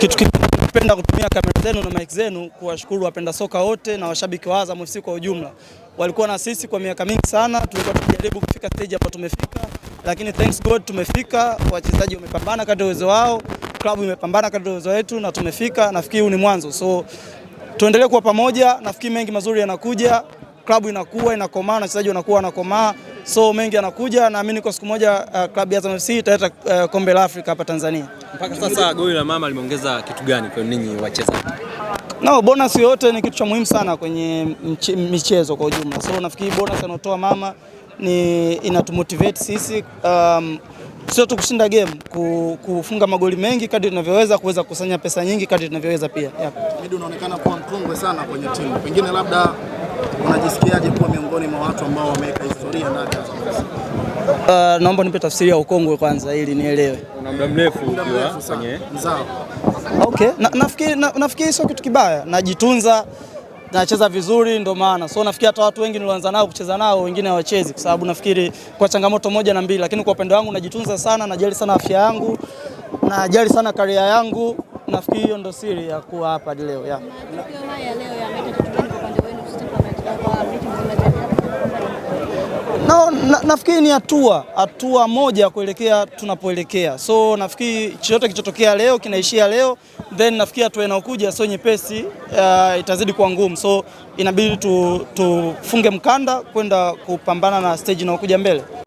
Kitu kingine kutumia kamera zenu na mic zenu kuwashukuru wapenda soka wote na washabiki wa Azam FC kwa ujumla. Walikuwa na sisi kwa miaka mingi sana, tulikuwa tukijaribu kufika stage hapa, tumefika, lakini thanks God tumefika. Wachezaji wamepambana kadri uwezo wao, klabu imepambana kadri uwezo wetu na tumefika. Nafikiri huu ni mwanzo, so tuendelee kuwa pamoja. Nafikiri mengi mazuri yanakuja, klabu inakuwa inakomaa, wachezaji wanakuwa wanakomaa, so mengi yanakuja. Naamini kwa siku moja uh, klabu ya Azam FC italeta uh, kombe la Afrika hapa Tanzania. Mpaka sasa goli la mama limeongeza kitu gani kwa ninyi wachezaji? No, bonus yote ni kitu cha muhimu sana kwenye michezo kwa ujumla. So nafikiri bonus anaotoa mama ni inatumotivate sisi um, sio tu kushinda game, kufunga magoli mengi kadri tunavyoweza, kuweza kukusanya pesa nyingi kadri tunavyoweza pia. Yep. Unaonekana kuwa mkongwe sana kwenye timu, pengine labda unajisikiaje kuwa miongoni mwa watu ambao wameweka historia ndani Uh, naomba nipe tafsiri ya ukongwe kwanza ili nielewe. Una muda mrefu ukiwa kwenye mzao. Okay, na, nafikiri na, nafikiri sio kitu kibaya. Najitunza, nacheza vizuri ndo maana. So nafikiri hata watu wengi nilianza nao kucheza nao wengine hawachezi kwa sababu nafikiri kwa changamoto moja na mbili, lakini kwa upande wangu najitunza sana, najali sana afya yangu, najali sana karia yangu. Nafikiri hiyo ndo siri ya kuwa hapa leo. Yeah. na, na, nafikiri ni hatua hatua moja kuelekea tunapoelekea, so nafikiri chochote kichotokea leo kinaishia leo, then nafikiri hatua inayokuja sio nyepesi, uh, itazidi kuwa ngumu, so inabidi tufunge tu mkanda kwenda kupambana na stage inayokuja mbele.